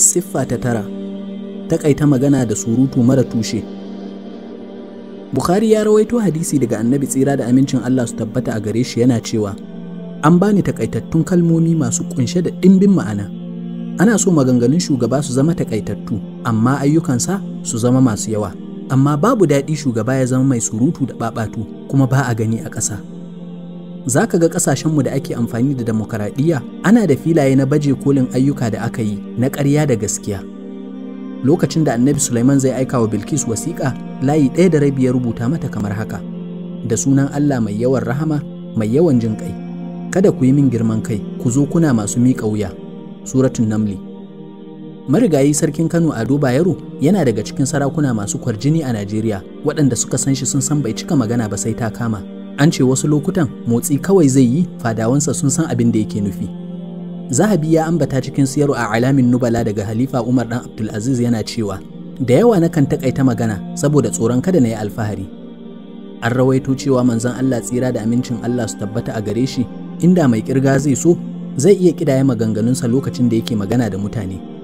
siffa ta tara takaita magana da surutu mara tushe Bukhari ya rawaito hadisi daga annabi tsira da amincin Allah su tabbata a gare shi yana cewa an bani takaitattun kalmomi masu kunshe da ɗimbin ma'ana ana so maganganun shugaba su zama takaitattu amma ayyukansa su zama masu yawa amma babu daɗi shugaba ya zama mai surutu da ɓaɓatu kuma ba a gani a ƙasa za ka ga ƙasashenmu da ake amfani da demokaradiyya ana da filaye na baje kolin ayyuka da aka yi na ƙarya da gaskiya. Lokacin da annabi suleiman zai aika wa Bilkis wasiƙa layi ɗaya da rabi ya rubuta mata kamar haka, da sunan Allah mai yawan rahama, mai yawan jin ƙai. Kada ku yi min girman kai, ku zo kuna masu miƙa wuya. Suratun Namli. marigayi sarkin kano ado bayero yana daga cikin sarakuna masu kwarjini a najeriya waɗanda suka san shi sun san bai cika magana ba sai ta kama An ce wasu lokutan motsi kawai zai yi fadawansa sun san abin da yake nufi. Zahabi ya ambata cikin siyarwa a alamin nubala daga Halifa Umar dan Abdulaziz yana cewa, da yawa nakan takaita magana saboda tsoron kada na yi alfahari. An rawaito cewa manzon Allah tsira da amincin Allah su tabbata a gare shi, inda mai kirga zai so, zai iya kidaya maganganunsa lokacin da yake magana da mutane.